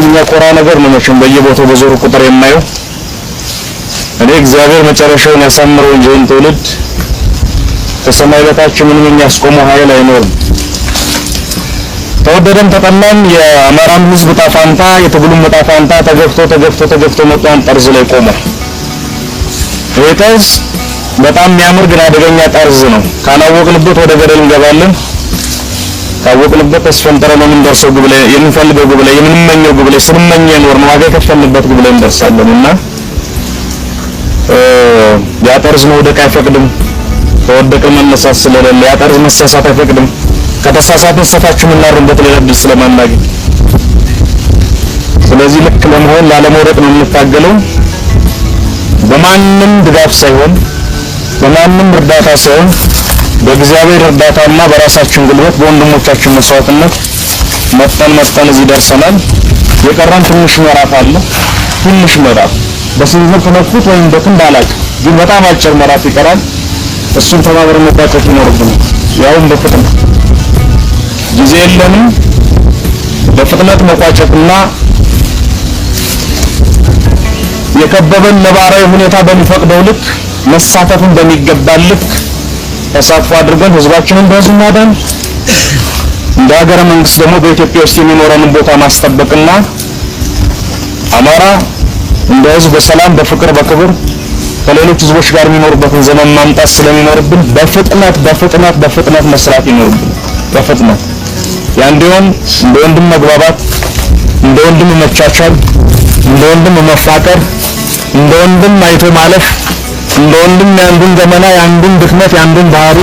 እጅግ የሚያኮራ ነገር ነው። መቼም በየቦታው በዞሩ ቁጥር የማየው እኔ እግዚአብሔር መጨረሻውን ያሳምረው እንጂ ይህን ትውልድ ከሰማይ በታች ምንም የሚያስቆመው ኃይል አይኖርም። ተወደደም ተጠላም የአማራም ሕዝብ ዕጣ ፋንታ የትግሉም ዕጣ ተገፍቶ ተገፍቶ ተገፍቶ መጥቷን ጠርዝ ላይ ቆመ። ይህ ጠርዝ በጣም የሚያምር ግን አደገኛ ጠርዝ ነው። ካላወቅንበት ወደ ገደል እንገባለን። ካወቅንበት አስፈንጥረን ነው የምንደርሰው ግብ ላይ የምንፈልገው ግብ ላይ የምንመኘው ግብ ላይ ስንመኝ የኖርን ዋጋ የከፈልንበት ግብ ላይ እንደርሳለን እና ያጠርዝ መውደቅ አይፈቅድም። ተወደቀ መነሳት ስለሌለ ያጠርዝ መሳሳት አይፈቅድም። ከተሳሳትን ሰፋችሁ የምናርምበት ሌላ ዕድል ስለማናገኝ ስለዚህ ልክ ለመሆን ላለመውደቅ ነው የምንታገለው። በማንም ድጋፍ ሳይሆን በማንም እርዳታ ሳይሆን በእግዚአብሔር እርዳታና በራሳችን ጉልበት በወንድሞቻችን መስዋዕትነት መጠን መጠን እዚህ ደርሰናል። የቀረን ትንሽ ምዕራፍ አለ። ትንሽ ምዕራፍ በስንት ተነኩት ወይም በክንድ አላውቅም፣ ግን በጣም አጭር ምዕራፍ ይቀራል። እሱን ተባብረን መጋጨት ይኖርብናል። ያውም በፍጥነት ጊዜ የለንም። በፍጥነት መቋጨትና የከበበን ነባራዊ ሁኔታ በሚፈቅደው ልክ መሳተፍን በሚገባ ልክ ተሳትፎ አድርገን ህዝባችንን በህዝብ ማዳን እንደ ሀገረ መንግስት ደግሞ በኢትዮጵያ ውስጥ የሚኖረንን ቦታ ማስጠበቅና አማራ እንደ ህዝብ በሰላም በፍቅር በክብር ከሌሎች ህዝቦች ጋር የሚኖርበትን ዘመን ማምጣት ስለሚኖርብን በፍጥነት በፍጥነት በፍጥነት መስራት ይኖርብን። በፍጥነት ያንዲውን እንደ ወንድም መግባባት፣ እንደ ወንድም መቻቻል፣ እንደ ወንድም መፋቀር፣ እንደ ወንድም አይቶ ማለፍ እንደ ወንድም የአንዱን ገመና የአንዱን ድክመት የአንዱን ባህሪ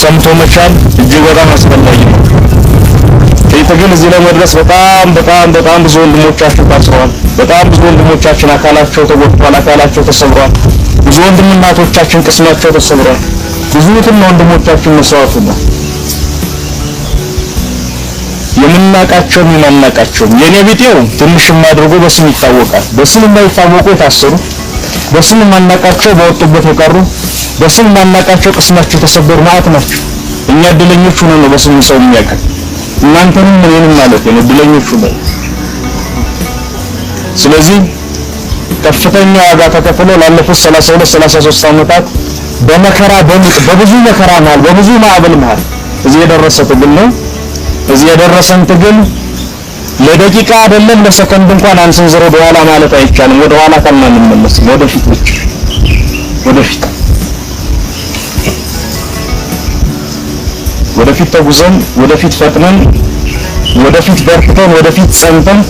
ሰምቶ መቻል እጅግ በጣም አስፈላጊ ነው። ይህ ግን እዚህ ላይ በጣም በጣም በጣም ብዙ ወንድሞቻችን ታስረዋል። በጣም ብዙ ወንድሞቻችን አካላቸው ተጎድቷል፣ አካላቸው ተሰብሯል። ብዙ ወንድም እናቶቻችን ቅስማቸው ተሰብሯል። ብዙ እህትና ወንድሞቻችን መስዋዕቱ ነው የምናቃቸውም የማናቃቸውም የኔ ቢጤው ትንሽም አድርጎ በስም ይታወቃል። በስም የማይታወቁ የታሰሩ በስም ማናቃቸው በወጡበት የቀሩ በስም ማናቃቸው ቅስማቸው የተሰበሩ ማለት ነው። እኛ እድለኞች ሆነን ነው በስም ሰው የሚያውቀን። እናንተንም እኔንም ማለት ነው እድለኞች ሆነን። ስለዚህ ከፍተኛ ዋጋ ተከፍሎ ላለፉት 32 33 ዓመታት በመከራ በምጥ በብዙ መከራ መሀል በብዙ ማዕበል መሀል እዚህ የደረሰ ትግል ነው። እዚህ የደረሰን ትግል ለደቂቃ አይደለም ለሰከንድ እንኳን አንሰንዝሮ ወደኋላ ማለት አይቻልም። ወደኋላ ካልማንመለስ ወደፊት ብቻ ወደፊት ወደፊት ተጉዘን ወደፊት ፈጥነን ወደፊት በርትተን ወደፊት ጸንተን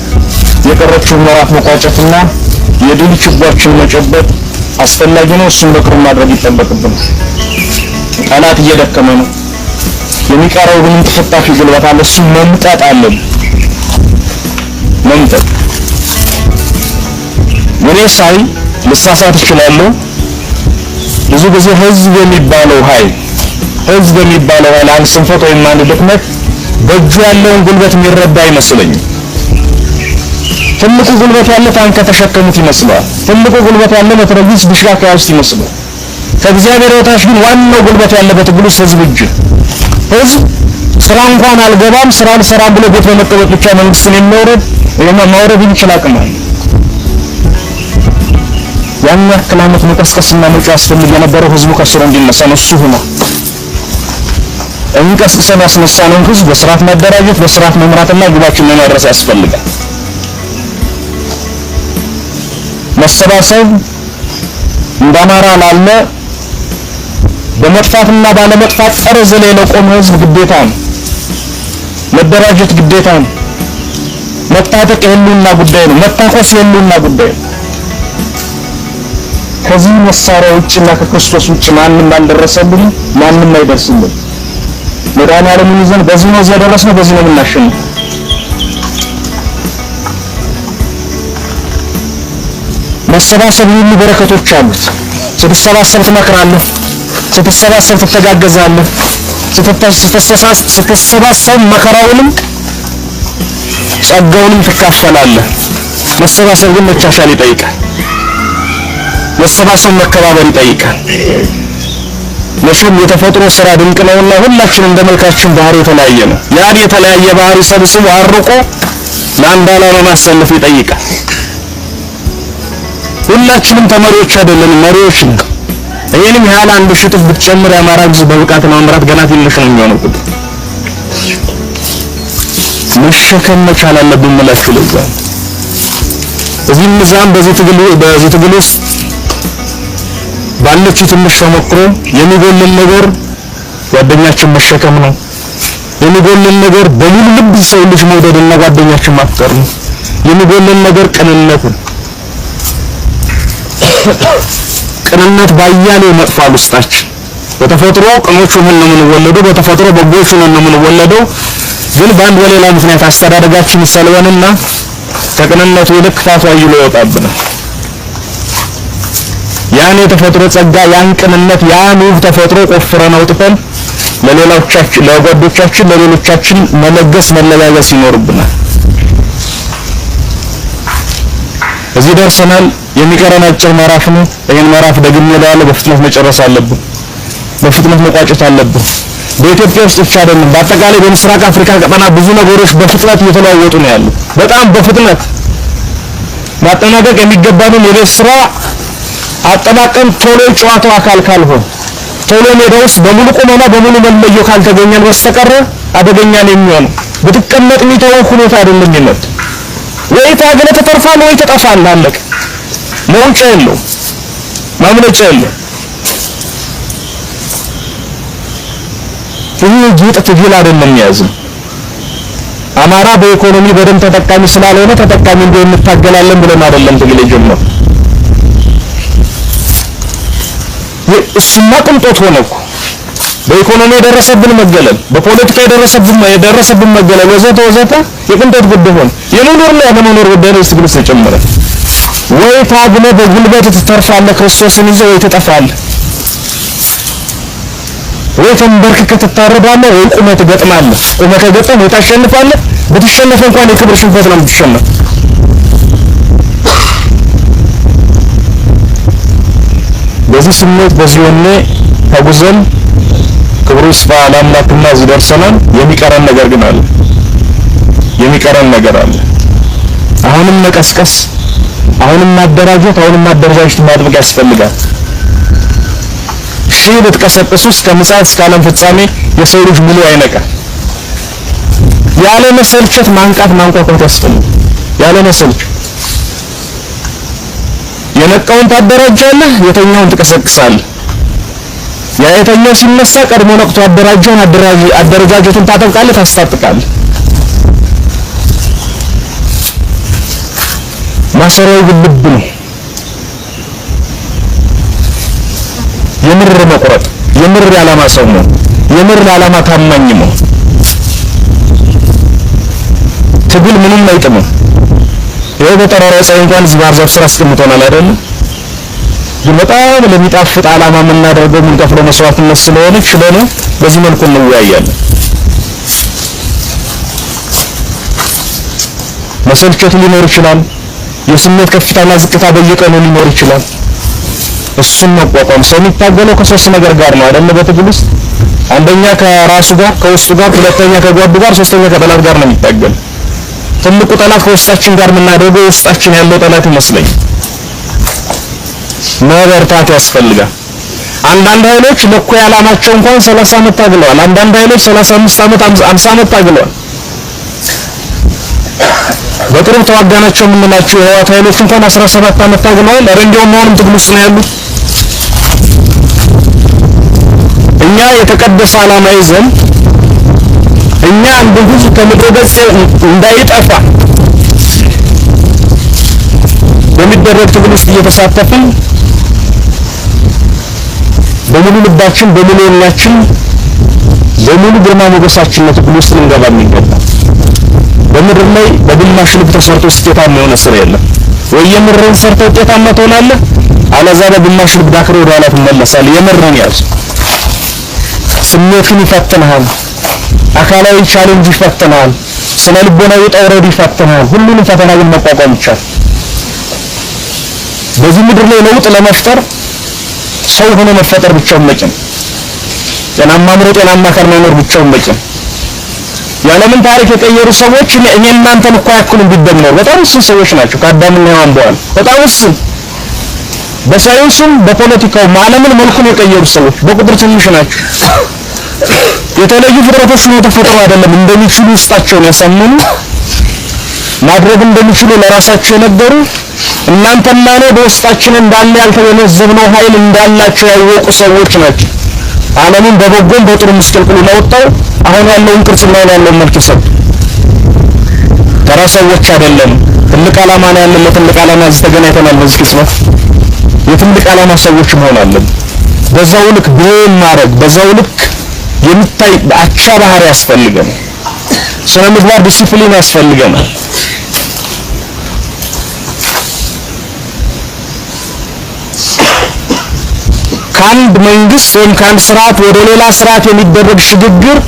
የቀረችውን ምዕራፍ መቋጨትና የድል ችቦችን መጨበጥ አስፈላጊ ነው። እሱን በክሩ ማድረግ ይጠበቅብናል። ጠላት እየደከመ ነው። የሚቀረው ግን ተፈታሽ ጉልበት አለ። እሱ መምጠጥ አለብን። መምጠጥ እኔ ሳይ ልሳሳት እችላለሁ። ብዙ ጊዜ ህዝብ የሚባለው ኃይል ህዝብ የሚባለው ኃይል አንድ ስንፈት ወይም አንድ ድክመት በእጁ ያለውን ጉልበት የሚረዳ አይመስለኝም። ትልቁ ጉልበት ያለ ታን ከተሸከሙት ይመስለዋል። ትልቁ ጉልበት ያለ መትረጊስ ተሽከርካሪ ውስጥ ይመስለዋል። ከእግዚአብሔር በታች ግን ዋናው ጉልበት ያለበት ግሉስ ህዝብ እጅ ህዝብ ስራ እንኳን አልገባም ስራ አልሰራም ብሎ ቤት በመቀመጥ ብቻ መንግስትን የሚያወርድ ይሄማ ማውረድ የሚችል አቅም አለ። ያን ያክል ዓመት መቀስቀስና መጮህ ያስፈልግ የነበረው ህዝቡ ከስሩ እንዲነሳ ነው። እሱ ሆኖ እንቀስቅሰን ያስነሳነውን ህዝብ በስርዓት መደራጀት በስርዓት መምራትና ግባችን መመረስ ያስፈልጋል። መሰባሰብ እንደ አማራ ላለ በመጥፋትና ባለመጥፋት ጸረ ዘሌ ለቆመ ህዝብ ግዴታ ነው። መደራጀት ግዴታ ነው። መታጠቅ የህልውና ጉዳይ ነው። መታኮስ የህልውና ጉዳይ ነው። ከዚህ መሳሪያ ውጭና ከክርስቶስ ውጭ ማንም አልደረሰብን፣ ማንም አይደርስልን። መድኃኒዓለምን ይዘን በዚህ ነው እዚያ ደረስነው፣ በዚህ ነው የምናሸንፈው። መሰባሰብ ሁሉ በረከቶች አሉት። ስትሰባሰብ ትመክራለህ፣ ስትሰባሰብ ትተጋገዛለህ፣ ስትሰባሰብ መከራውንም ጸጋውንም ትካፈላለህ። መሰባሰብ ግን መቻቻል ይጠይቃል። መሰባሰብ መከባበር ይጠይቃል። መቼም የተፈጥሮ ስራ ድንቅ ነውና ሁላችን እንደ መልካችን ባህሪ የተለያየ ነው። ያን የተለያየ ባህሪ ሰብስቦ አርቆ ለአንድ ዓላማ ማሰለፍ ይጠይቃል። ሁላችንም ተመሪዎች አይደለንም፣ መሪዎች ነው። ይሄንም ያህል አንድ ሽጥፍ ብትጨምር የአማራ ሕዝብ በብቃት ለመምራት ገና ትንሽ ነው የሚሆነው። መሸከም መቻል አለብን። መላእክት ለዛ እዚህ ምዛም በዚህ ትግል በዚህ ትግል ውስጥ ባለችው ትንሽ ተሞክሮ የሚጎልን ነገር ጓደኛችን መሸከም ነው። የሚጎልን ነገር በሙሉ ልብ ሰው ልጅ መውደድና ጓደኛችን ማፍቀር ነው። የሚጎልን ነገር ቅንነት ነው። ቅንነት ባያሌ መጥፋል ውስጣችን። በተፈጥሮ ቅኖቹ ሆነን ነው የምንወለደው። በተፈጥሮ በጎች ሆነን ነው የምንወለደው። ግን በአንድ በሌላ ምክንያት አስተዳደጋችን ይሰልበንና ከቅንነቱ ይልቅ ክፋቱ አይሎ ይወጣብናል። ያን የተፈጥሮ ጸጋ፣ ያን ቅንነት፣ ያን ውብ ተፈጥሮ ቆፍረን አውጥተን ለሌሎቻችን ለጓዶቻችን ለሌሎቻችን መለገስ መለጋገስ ይኖርብናል። እዚህ ደርሰናል። የሚቀረን አጭር ምዕራፍ ነው። ይህን ምዕራፍ ደግሜ እላለሁ። በፍጥነት መጨረስ አለብን። በፍጥነት መቋጨት አለብን። በኢትዮጵያ ውስጥ ብቻ አይደለም፣ በአጠቃላይ በምስራቅ አፍሪካ ቀጠና ብዙ ነገሮች በፍጥነት እየተለዋወጡ ነው ያሉ። በጣም በፍጥነት ማጠናቀቅ የሚገባንን የቤት ስራ አጠናቀን ቶሎ ጨዋታው አካል ካልሆን ቶሎ ሜዳ ውስጥ በሙሉ ቁመና በሙሉ መለዮ ካልተገኘን በስተቀር አደገኛ ነው የሚሆነው። ብትቀመጥ የሚተወው ሁኔታ አይደለም የሚመጥ ወይ ታገለ ተተርፋል ወይ ተጠፋል። አለቅ መውጫ የለውም ማምለጫ የለውም። ይሄ ጌጥ ትግል አይደለም የያዝም አማራ በኢኮኖሚ በደንብ ተጠቃሚ ስላልሆነ ተጠቃሚ እንዲሆን እንታገላለን ብለን አይደለም ትግል የጀመረው። እሱማ ቅንጦት ሆነ እኮ በኢኮኖሚ የደረሰብን መገለል፣ በፖለቲካ የደረሰብን የደረሰብን መገለል ወዘተ ወዘተ የቅንጦት ጉዳይ ሆነ። የመኖር ላይ ያለመኖር ጉዳይ ነው። ትግል ውስጥ ወይ ታግለ በጉልበት ትተርፋለህ ክርስቶስን ይዘህ ወይ ትጠፋለህ። ወይ ተንበርክከህ ትታረዳለህ፣ ወይ ቁመህ ትገጥማለህ። ቁመህ ከገጠም ወይ ታሸንፋለህ። ብትሸነፍ እንኳን የክብር ሽንፈት ነው የምትሸነፍ። በዚህ ስሜት በዚህ ወኔ ተጉዘን ክብሩ ይስፋ ለአምላክና እዚህ ደርሰናል። የሚቀረን ነገር ግን አለ፣ የሚቀረን ነገር አለ። አሁንም መቀስቀስ፣ አሁንም ማደራጀት፣ አሁንም ማደረጃጀት ማጥበቅ ያስፈልጋል። ሺህ ብትቀሰቅሱ እስከ ምጽአት እስከ ዓለም ፍጻሜ የሰው ልጅ ሙሉ አይነቃ። ያለ መሰልቸት ማንቃት ማንቋቋት ያስፈልጋል። ያለ መሰልቸት የነቃውን ታደራጃለህ፣ የተኛውን ትቀሰቅሳለህ። የተኛው ሲነሳ ቀድሞ ነቅቶ አደራጀውን አደረጃጀቱን ታጠብቃለህ፣ ታስታጥቃለህ። ማሰሪያው ግብብ ነው። የምር መቁረጥ፣ የምር ለዓላማ ሰው መሆን፣ የምር ለዓላማ ታማኝ መሆን። ትግል ምንም አይጥምም። ይሄ በጠራራ ፀሐይ እንኳን እዚህ ባህር ዛፍ ስር አስቀምጦናል አይደለ? ግን በጣም ለሚጣፍጥ ዓላማ የምናደርገው የምንከፍለው መስዋዕትነት ስለሆነ ችለን በዚህ መልኩ እንወያያለን። መሰልቸት ሊኖር ይችላል። የስሜት ከፍታና ዝቅታ በየቀኑ ሊኖር ይችላል። እሱን መቋቋም ሰው የሚታገለው ከሶስት ነገር ጋር ነው አይደል? በትግል ውስጥ አንደኛ ከራሱ ጋር ከውስጡ ጋር፣ ሁለተኛ ከጓዱ ጋር፣ ሶስተኛ ከጠላት ጋር ነው የሚታገል። ትልቁ ጠላት ከውስጣችን ጋር የምናደርገው ውስጣችን ያለው ጠላት ይመስለኝ። መበርታት ያስፈልጋል። አንዳንድ ኃይሎች ለኮ ያላማቸው እንኳን 30 ዓመት ታግለዋል። አንዳንድ ኃይሎች 35 ዓመት 50 ዓመት ታግለዋል። በቅርብ ተዋጋናቸው የምንላቸው የህወሓት ኃይሎች እንኳን 17 ዓመት ታግለዋል። ኧረ እንዲያውም አሁንም ትግል ውስጥ ነው ያሉት። እኛ የተቀደሰ ዓላማ ይዘን እኛ አንድን ሕዝብ ከምድረ ገጽ እንዳይጠፋ በሚደረግ ትግል ውስጥ እየተሳተፍን በሙሉ ልባችን፣ በሙሉ ሕሊናችን፣ በሙሉ ግርማ ሞገሳችን ለትግል ውስጥ ልንገባ የሚገባ በምድር ላይ በግማሽ ልብ ተሰርቶ ስኬታማ የሆነ ስራ የለም። ወይ የምርን ሰርተህ ውጤታማ ትሆናለህ፣ አለዛ በግማሽ ልብ ዳክሮ ወደ ኋላ ትመለሳለህ። የምርን ያዝ። ስሜትን ይፈትናል። አካላዊ ቻሌንጅ ይፈትናል። ስነ ልቦናዊ ጠውረድ ይፈትናል። ሁሉንም ፈተና ግን መቋቋም ይቻላል። በዚህ ምድር ላይ ለውጥ ለመፍጠር ሰው ሆኖ መፈጠር ብቻውን በቂ ነው። ጤናማ አእምሮ፣ ጤናማ አካል መኖር ብቻውን በቂ ነው። የዓለምን ታሪክ የቀየሩ ሰዎች እኔ እናንተን እኮ አያክሉም ቢደመሩ በጣም ውስን ሰዎች ናቸው ከአዳምና ሔዋን በኋላ በጣም ውስን በሳይንሱም በፖለቲካው ዓለምን መልኩን የቀየሩ ሰዎች በቁጥር ትንሽ ናቸው። የተለዩ ፍጥረቶች ነው ተፈጥሮ አይደለም። እንደሚችሉ ውስጣቸውን ያሳመኑ ማድረግ እንደሚችሉ ለራሳቸው የነገሩ እናንተና እኔ በውስጣችን እንዳለ ያልተገነዘብነው ኃይል እንዳላቸው ያወቁ ሰዎች ናቸው። ዓለምን በበጎም በጥሩ ምስቅልቅሉ ላወጣው አሁን ያለውን ቅርጽና ያለውን መልክ ይሰጡ። ተራ ሰዎች አይደለም። ትልቅ ዓላማ ነው ያለን። ለትልቅ ዓላማ እዚህ ተገናኝተናል በዚህ የትልቅ ዓላማ ሰዎች መሆን አለን። በዛው ልክ ብሄን ማድረግ በዛው ልክ የሚታይ አቻ ባህሪ ያስፈልገናል። ስነ ምግባር ዲሲፕሊን ያስፈልገናል። ከአንድ መንግስት ወይም ከአንድ ስርዓት ወደ ሌላ ስርዓት የሚደረግ ሽግግር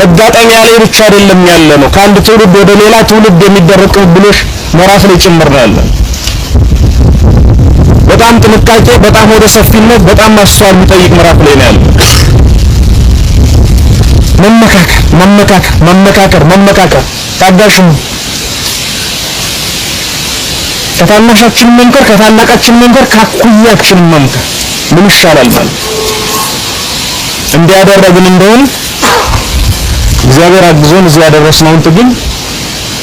መጋጠሚያ ላይ ብቻ አይደለም ያለ ነው። ከአንድ ትውልድ ወደ ሌላ ትውልድ የሚደረግ ቅብብሎሽ ምዕራፍ ላይ ጭምር ነው ያለን። በጣም ጥንቃቄ፣ በጣም ወደ ሰፊነት፣ በጣም ማስተዋል የሚጠይቅ ምዕራፍ ላይ ነው ያለው። መመካከር መመካከር መመካከር መመካከር ታጋሽ ከታናሻችን መምከር፣ ከታላቃችን መምከር፣ ካኩያችን መምከር ምን ይሻላል ማለት እንዲያደረግን እንደሆነ እግዚአብሔር አግዞን እዚህ ያደረስነውን ትግል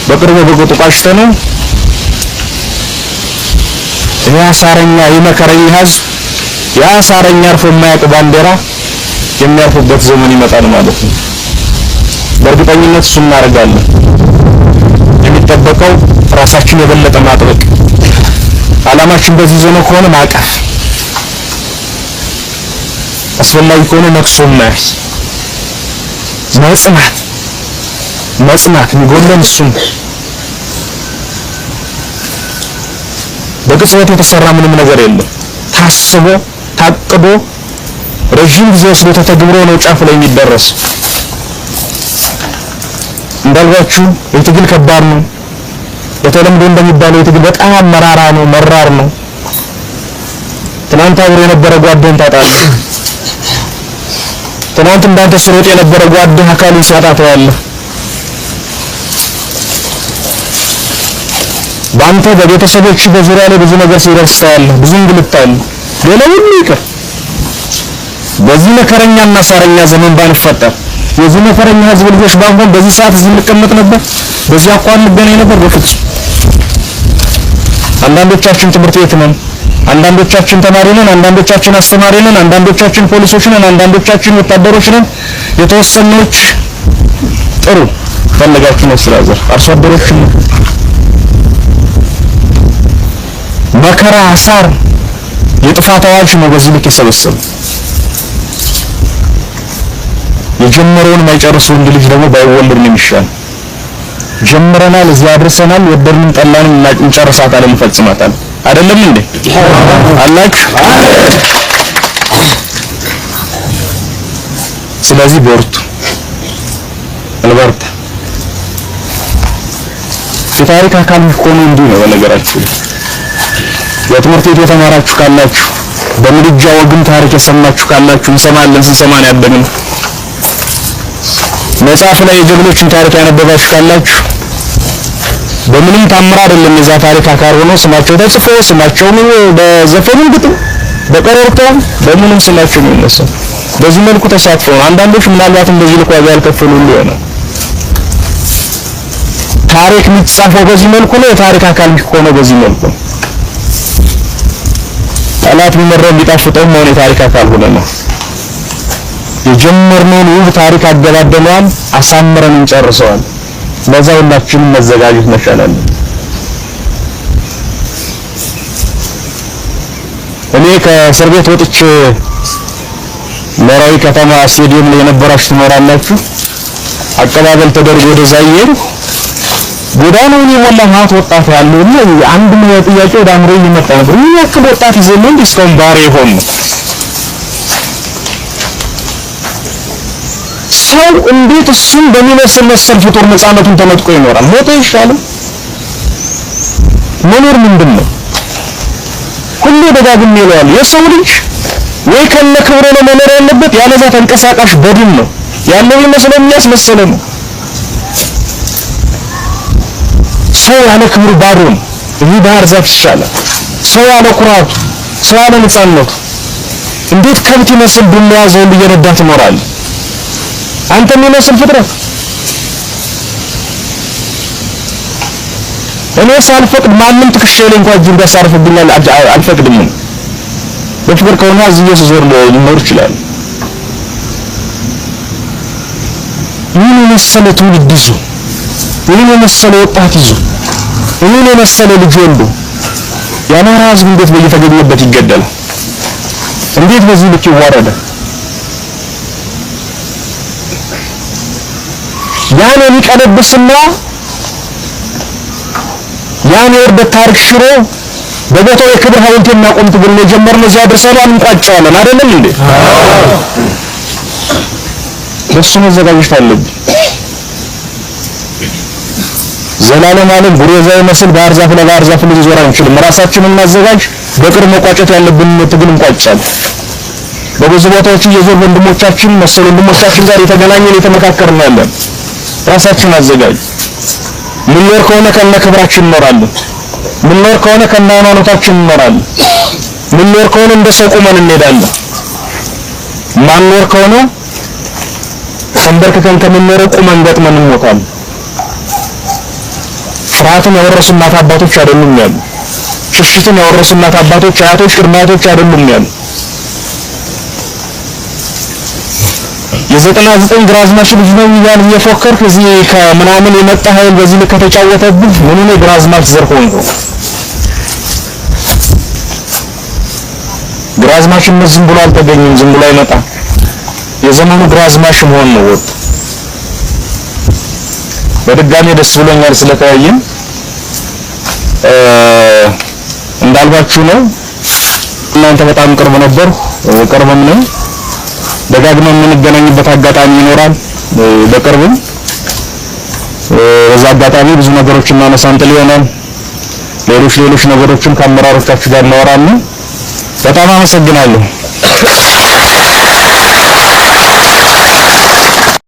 በቅርቡ በቁጥቋሽ ተነው የአሳረኛ የመከረኝ ህዝብ የአሳረኛ አርፎ የማያውቅ ባንዲራ የሚያርፉበት ዘመን ይመጣል ማለት ነው። በእርግጠኝነት እሱ እናደርጋለን። የሚጠበቀው ራሳችን የበለጠ ማጥበቅ፣ አላማችን በዚህ ዘመን ከሆነ ማቀፍ፣ አስፈላጊ ከሆነ ነክሶ መያዝ፣ መጽናት መጽናት የሚጎለን እሱ ነው። በቅጽበት የተሰራ ምንም ነገር የለም። ታስቦ ታቅዶ ረዥም ጊዜ ወስዶ ተተግብሮ ነው ጫፍ ላይ የሚደረስ። እንዳልኳችሁ የትግል ከባድ ነው። በተለምዶ እንደሚባለው የትግል በጣም መራራ ነው፣ መራር ነው። ትናንት አብሮ የነበረ ጓደን ታጣለህ። ትናንት እንዳንተ ስሮጥ የነበረ ጓደህ አካሉን ሲያጣ ታያለህ። በአንተ በቤተሰቦች በዙሪያ ላይ ብዙ ነገር ሲደርሳል፣ ብዙ እንግልታል፣ ሌላ ሁሉ ይቅር። በዚህ መከረኛና ሳረኛ ዘመን ባንፈጠር የዚህ መከረኛ ህዝብ ልጆች ባንሆን በዚህ ሰዓት እዚህ እንቀመጥ ነበር፣ በዚህ አቋም እንገናኝ ነበር። በፍጹም አንዳንዶቻችን ትምህርት ቤት ነን፣ አንዳንዶቻችን ተማሪ ነን፣ አንዳንዶቻችን አስተማሪ ነን፣ አንዳንዶቻችን ፖሊሶች ነን፣ አንዳንዶቻችን ወታደሮች ነን። የተወሰኖች ጥሩ ፈለጋችሁ ነው ስራ ዘር አርሶ አደሮች መከራ ሳር የጥፋት አዋጅ ነው በዚህ ልክ የጀመረውን ማይጨርስ ወንድ ልጅ ደግሞ ባይወልድ ነው የሚሻል። ጀምረናል፣ እዚህ አድርሰናል፣ ወደድንም ጠላንም እንጨርሳታለን፣ እንፈጽማታለን። አይደለም እንዴ አላችሁ? ስለዚህ በርቱ፣ አልበርታ የታሪክ አካል የሚሆነው እንዲህ ነው በነገራችሁ የትምህርት ቤት የተማራችሁ ካላችሁ በምድጃ ወግም ታሪክ የሰማችሁ ካላችሁ እንሰማለን። ስንሰማን ያደግን መጽሐፍ ላይ የጀግኖችን ታሪክ ያነበባችሁ ካላችሁ በምንም ታምር አይደለም የዛ ታሪክ አካል ሆኖ ስማቸው ተጽፎ ስማቸው ምን በዘፈኑም ግጥም በቀረርቶ በምንም ስማቸው የሚነሳው በዚህ መልኩ ተሳትፎ ነው። አንዳንዶች ምናልባትም በዚህ ልክ ዋጋ ያልከፈሉ ይሆናል። ታሪክ የሚጻፈው በዚህ መልኩ ነው። የታሪክ አካል ሆኖ በዚህ መልኩ ነው። ጠላት ቢመራው ቢጣፍጠውም መሆን የታሪክ አካል ሆነ ነው። የጀመርነውን ውብ ታሪክ አገባደነዋል፣ አሳምረን እንጨርሰዋል። ለዛ ሁላችንም መዘጋጀት መቻላለን። እኔ ከእስር ቤት ወጥቼ መራዊ ከተማ ስቴዲየም ላይ የነበራችሁ ትኖራላችሁ። አቀባበል ተደርጎ ወደዛ እየሄድኩ ጎዳናውን የሞላ ማት ወጣት ያለው እና አንድ ነው ጥያቄ ወደ አምሮ እየመጣ ነው። ምን ያክል ወጣት ይዘን ነው እስካሁን ባሪ የሆን ነው? ሰው እንዴት እሱን በሚመስል መሰል ፍጡር ነፃነቱን ተነጥቆ ይኖራል? ሞቶ ይሻላል። መኖር ምንድን ነው? ሁሌ ደጋግሜ ይለዋል። የሰው ልጅ ወይ ከነ ክብሩ ነው መኖር ያለበት፣ ያለዛ ተንቀሳቃሽ በድን ነው ያለው ይመስለው የሚያስመሰለ ነው። ሰው ያለ ክብር ባዶ ነው። ይህ ባህር ዛፍ ይሻላል። ሰው ያለ ኩራቱ፣ ሰው ያለ ነፃነቱ እንዴት ከብት ይመስል ዱንያ ዘውል እየነዳ ትኖራለህ? አንተ የሚመስል ፍጥረት እኔ ሳልፈቅድ ማንም ትከሻ ላይ እንኳን እጁን ቢያሳርፍብኛል አልፈቅድም። በፍቅር ከሆነ እዚህ ስዞር ሊኖር ይችላል። ምን የመሰለ ትውልድ ይዞ ምን የመሰለ ወጣት ይዞ እኔን የመሰለ ልጅ ወልዶ የአማራ እንዴት በየተገኘበት ይገደላል? እንዴት በዚህ ልክ ይዋረዳል? ያን የሚቀለብስና ያን የውርደት ታሪክ ሽሮ በቦታው የክብር ሐውልት የማቆም ትግል ነው የጀመርነው። እዚያ ደርሰናል፣ እንቋጨዋለን። አይደለም እንዴ? ለሱ መዘጋጀት አለብኝ። ዘላለም ዓለም ጉሬዛ ይመስል ባህር ዛፍ ለባህር ዛፍ ልንዞር አንችልም። ራሳችንን እናዘጋጅ። በቅርብ መቋጨት ያለብን ትግል እንቋጫለን። በብዙ ቦታዎች እየዞር ወንድሞቻችን መሰል ወንድሞቻችን ጋር የተገናኘን የተመካከርን ያለን ራሳችን አዘጋጅ። ምንኖር ከሆነ ከነ ክብራችን እንኖራለን። ምንኖር ከሆነ ከነ ሃይማኖታችን እንኖራለን። ምንኖር ከሆነ እንደ ሰው ቁመን እንሄዳለን። ማንኖር ከሆነ ተንበርክከን ከምንኖር ቁመን ገጥመን እንሞታለን። ፍርሃትን ያወረሱ እናት አባቶች አይደሉም ያሉ፣ ሽሽትን ያወረሱ እናት አባቶች አያቶች፣ ቅድመ አያቶች አይደሉም ያሉ፣ የዘጠና ዘጠኝ ግራዝማች ልጅ ነው እያል እየፎከርክ እዚህ ከምናምን የመጣ ኃይል በዚህ ልክ ከተጫወተብህ ምን ነው ግራዝማች ዘር ሆንኩ? ምን ዝም ብሎ አልተገኘም፣ ዝም ብሎ አይመጣ። የዘመኑ ግራዝማች መሆን ነው ወጡ። በድጋሚ ደስ ብሎኛል ስለተያየን። እንዳልኳችሁ ነው። እናንተ በጣም ቅርብ ነበር፣ ቅርብም ነው። ደጋግመን የምንገናኝበት አጋጣሚ ይኖራል። በቅርብም በዛ አጋጣሚ ብዙ ነገሮችን ማነሳንጥል ይሆናል። ሌሎች ሌሎች ነገሮችን ከአመራሮቻችሁ ጋር እናወራለን። በጣም አመሰግናለሁ።